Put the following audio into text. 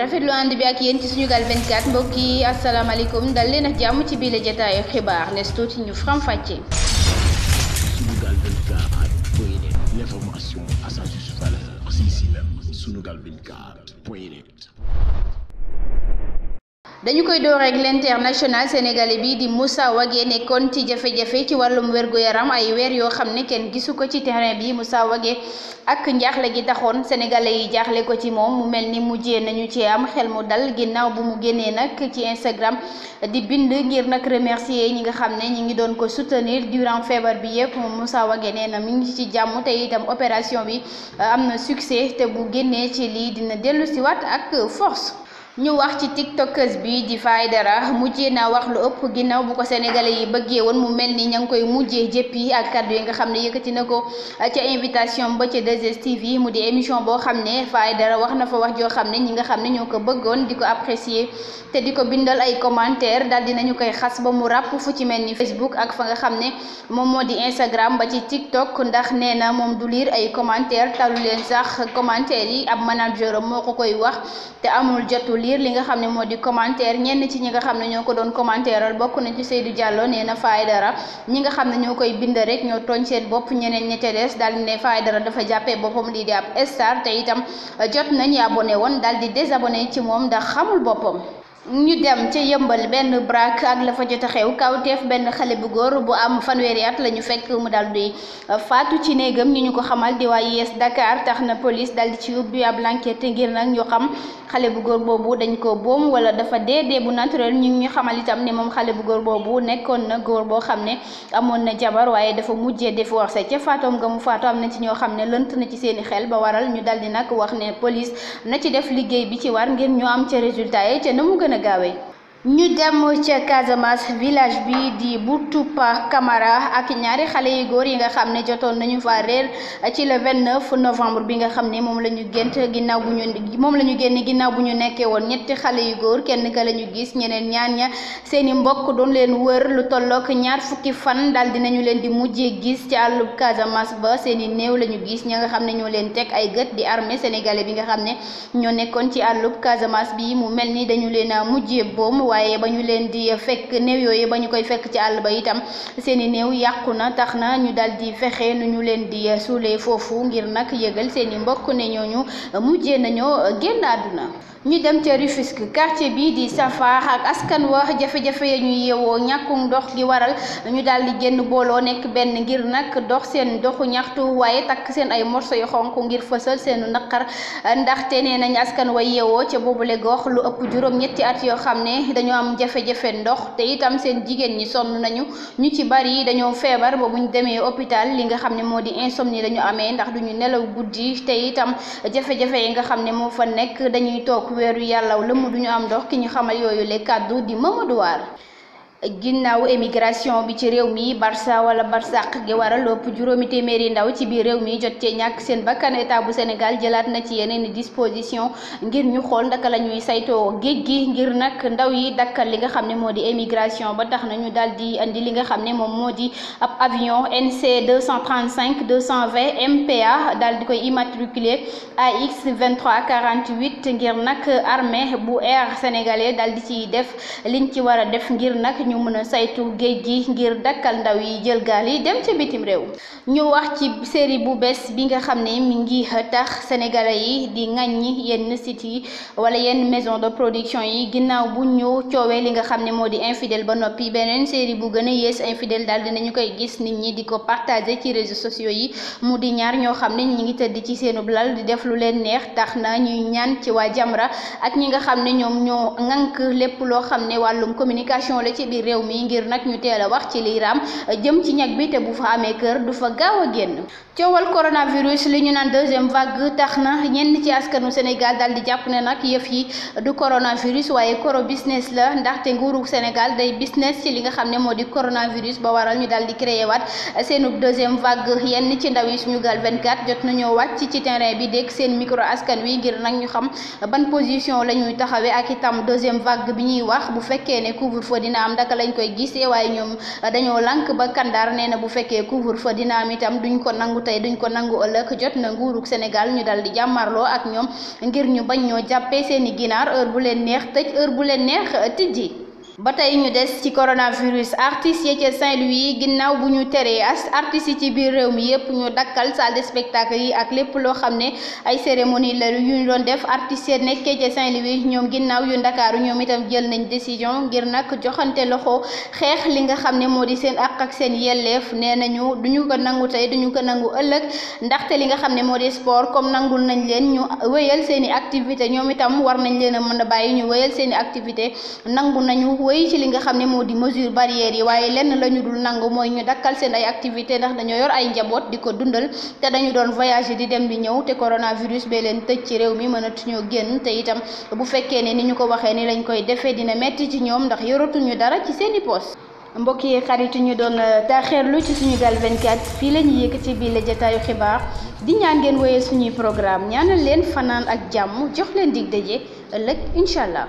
rafetlu ànd bi ak yéen ci Sunugal 24 mbokk yi asalaamaaleykum dal leen ak jàmm ci biir jotaayu xibaar nes tuuti ñu faram fàcce. Sunugal 24.net dañu koy door ak l'international sénégalais bi di Moussa Wagué nekkoon ci jafe-jafe ci wàllum wér yaram ay weer yoo xam ne kenn gisu ko ci terrain bi Moussa Wagué ak njaaxle gi taxoon sénégalais yi jaaxle ko ci moom mu mel ni mujjee nañu ci am xel mu dal ginnaaw bu mu génnee nag ci Instagram di bind ngir nag remercier ñi nga xam ne ñi ngi doon ko soutenir durant feebar bi yëpp moom Moussa Wagué nee na mi ngi ci jàmm te itam opération bi euh, am na succès te bu génnee ci lii dina dellu si waat ak force ñu wax ci tiktokeuse bi di Faidara mujjee naa wax lu ëpp ginnaaw bu ko sénégalais yi bëggee woon mu mel ni ña ngi koy mujjee jéppi ak kar yi nga xam ne yëkkati na ko ca invitation ba ca 2STV mu di émission boo xam ne Faidara wax na fa wax joo xam ne ñi nga xam ne ñoo ko bëggoon di ko apprécier te di ko bindal ay commentaire daal dinañu koy xas ba mu ràpp fu ci mel ni Facebook ak fa nga xam ne moom moo di Instagram ba ci TikTok ndax nee na moom du liir ay commentaire talu leen sax commentaire yi ab manager moo ko koy wax te amul jotul lire li nga xam ne moo di commentaire ñenn ci ñi nga xam ne ñoo ko doon commentaire bokk na ci Seydou Diallo nee na Faye Dara ñi nga xam ne ñoo koy bind rek ñoo tooñ seen bopp ñeneen ñi ca des daal di ne Faye Dara dafa jàppee boppam lii di ab star te itam jot nañ abonné woon daal di désabonné ci moom ndax xamul boppam ñu dem ca yëmbal benn braque ak la fa jot a xew kawteef benn xale bu góor bu am fanweeri at la ñu fekk mu daal di uh, faatu ci néegam ñu ñu ko xamal di waa yees Dakar tax na police daal di ci ubbi ab enquête ngir nag ñu xam xale bu góor boobu dañ ko boom wala dafa dee dee bu naturel ñu ñu xamal itam ne moom xale bu góor boobu nekkoon na góor boo xam ne amoon na jabar waaye dafa mujjee divorcé ca faatoom nga mu faatu am na ci ñoo xam ne lënt na ci seeni xel ba waral ñu daal di nag wax ne police na ci def liggéey bi ci war ngir ñu am ca résultat yi gën a gaawee ñu dem ca Casamance village bi di Boutoupa Camara ak ñaari xale yu góor yi nga xam ne jotoon nañu fa réer ci le 29 novembre bi nga xam ne moom la ñu gént ginnaaw bu ñu moom la ñu génn ginnaaw bu ñu nekkee woon ñetti xale yu góor kenn ka la ñu gis ñeneen ñaan ña seeni mbokk doon leen wër lu tollook ñaar fukki fan daal dinañu leen di mujjee gis ci àllub Casamance ba seeni néew la ñu gis ña nga xam ne ñoo leen teg ay gët di armée sénégalais bi nga xam ne ñoo nekkoon ci àllub Casamance bi mu mel ni dañu leen a mujjee boom waaye ba ñu leen di fekk néew yooyu ba ñu koy fekk ci àll ba itam seeni i néew yàqu na tax na ñu daal di fexe nu ñu leen di suulee foofu ngir nag yëgal seen i mbokk ne ñooñu mujjee nañoo génn àdduna ñu dem ca Rufisque quartier bii di Safar ak askan wa jafe-jafe ya ñuy yeewoo ñàkkum ndox gi waral ñu daal di génn booloo nekk benn ngir nag dox seen doxu ñaxtu waaye takk seen ay morso yu xonq ngir fësal seen naqar ndaxte nee nañ askan wa yeewoo ca boobule gox lu ëpp juróom-ñetti at yoo xam ne dañoo am jafe-jafe ndox te itam seen jigéen ñi sonn nañu ñu ci bari dañoo feebar boobu ñu demee hôpital li nga xam ne moo di insomnie dañu amee ndax duñu nelaw guddi te itam jafe yi nga xam ne moo fa nekk dañuy toog weeru yàllaw lëmm duñu am ndox ki ñu xamal yooyu le kàddu di Mamadou War ginnaaw émigration bi ci réew mi Barça wala Barsàq gi waral ëpp juróomi téeméeri ndaw ci biir réew mi jot cee ñàkk seen bakkan état bu Sénégal jëlaat na ci yeneen disposition ngir ñu xool ndaka la ñuy saytoo géej gi ngir nag ndaw yi dakkal li nga xam ne moo di émigration ba tax na ñu daal di andi li nga xam ne moom moo di ab avion NC 235 220 MPA daal di koy immatriculé AX 23 48 ngir nag armée bu air sénégalais daal di ci def liñ ci war a def ngir nag. ñu mën a saytu géej gi ngir dakkal ndaw yi jël gaal yi dem ca bitim réew ñu wax ci série bu bees bi nga xam ne mi ngi tax sénégalais yi di ŋàññi yenn sites yi wala yenn maison de production yi ginnaaw bu ñu coowee li nga xam ne moo di infidèle ba noppi beneen série bu gën a yées dal daal ñu koy gis nit ñi di ko partager ci réseaux sociaux yi mu di ñaar ñoo xam ne ñi ngi tëdd ci seenub lal di def lu leen neex tax na ñuy ñaan ci waa Jamra ak ñi ne ñoom ñoo ŋànk lépp loo réew mi ngir nag ñu teel a wax ci liy raam jëm ci ñag bi te bu fa amee kër du fa gaaw a génn coowal coronavirus li ñu naan deuxième vague tax na ñenn ci askanu Sénégal daal di jàpp ne nag yëf yi du coronavirus waaye coro business la ndaxte nguuru Sénégal day business ci li nga xam ne moo di coronavirus ba waral ñu daal di créé waat seenub deuxième vague yenn ci ndaw yi suñu gaal 24 jot nañoo wàcc ci terrain bi dégg seen micro askan wi ngir nag ñu xam ban position lañ koy gisee waaye ñoom euh, dañoo lank ba kandaar nee na bu fekkee couvre fa dina am itam duñ ko nangu tey duñ ko nangu ëllëg jot na nguurug Sénégal ñu dal di jàmmarloo ak ñoom ngir ñu bañ ñoo jàppee seeni ginaar heure bu leen neex tëj heure bu leen neex euh, tijji ba tey ñu des ci coronavirus artistes yi ca Saint-Louis ginnaaw bu ñu teree artistes yi ci biir réew mi yépp ñu dakkal salle de spectacle yi ak lépp loo xam ne ay cérémonie la yu ñu doon def artistes yi nekkee ca Saint-Louis ñoom ginnaaw yu ndakaaru ñoom itam jël nañ décision ngir nag joxante loxo xeex li nga xam ne moo di seen àq ak seen yelleef nee nañu duñu ko nangu tey duñu ko nangu ëllëg ndaxte li nga xam ne moo di sport comme nangul nañ leen ñu wéyal seen activité ñoom itam war nañ leen a mën a bàyyi ñu wéyal seen i activité nangu nañu wéy ci li nga xam ne moo di mesure barrières yi waaye lenn la ñu dul nangu mooy ñu dakkal seen ay activité ndax dañoo yor ay njaboot di ko dundal te dañu doon voyager di dem di ñëw te coronavirus bee leen tëj ci réew mi mënatuñoo génn te itam bu fekkee ne ni ñu ko waxee ni lañ koy defee dina metti ci ñoom ndax yoratuñu dara ci seeni poos mbokk yi xarit ñu doon euh, taaxeerlu ci suñu gaal 24 fii la ñu ci bii la jataayu xibaar di ñaan ngeen woyee suñuy programme ñaanal leen fanaan ak jàmm jox leen dig daje ëllëg incha allah.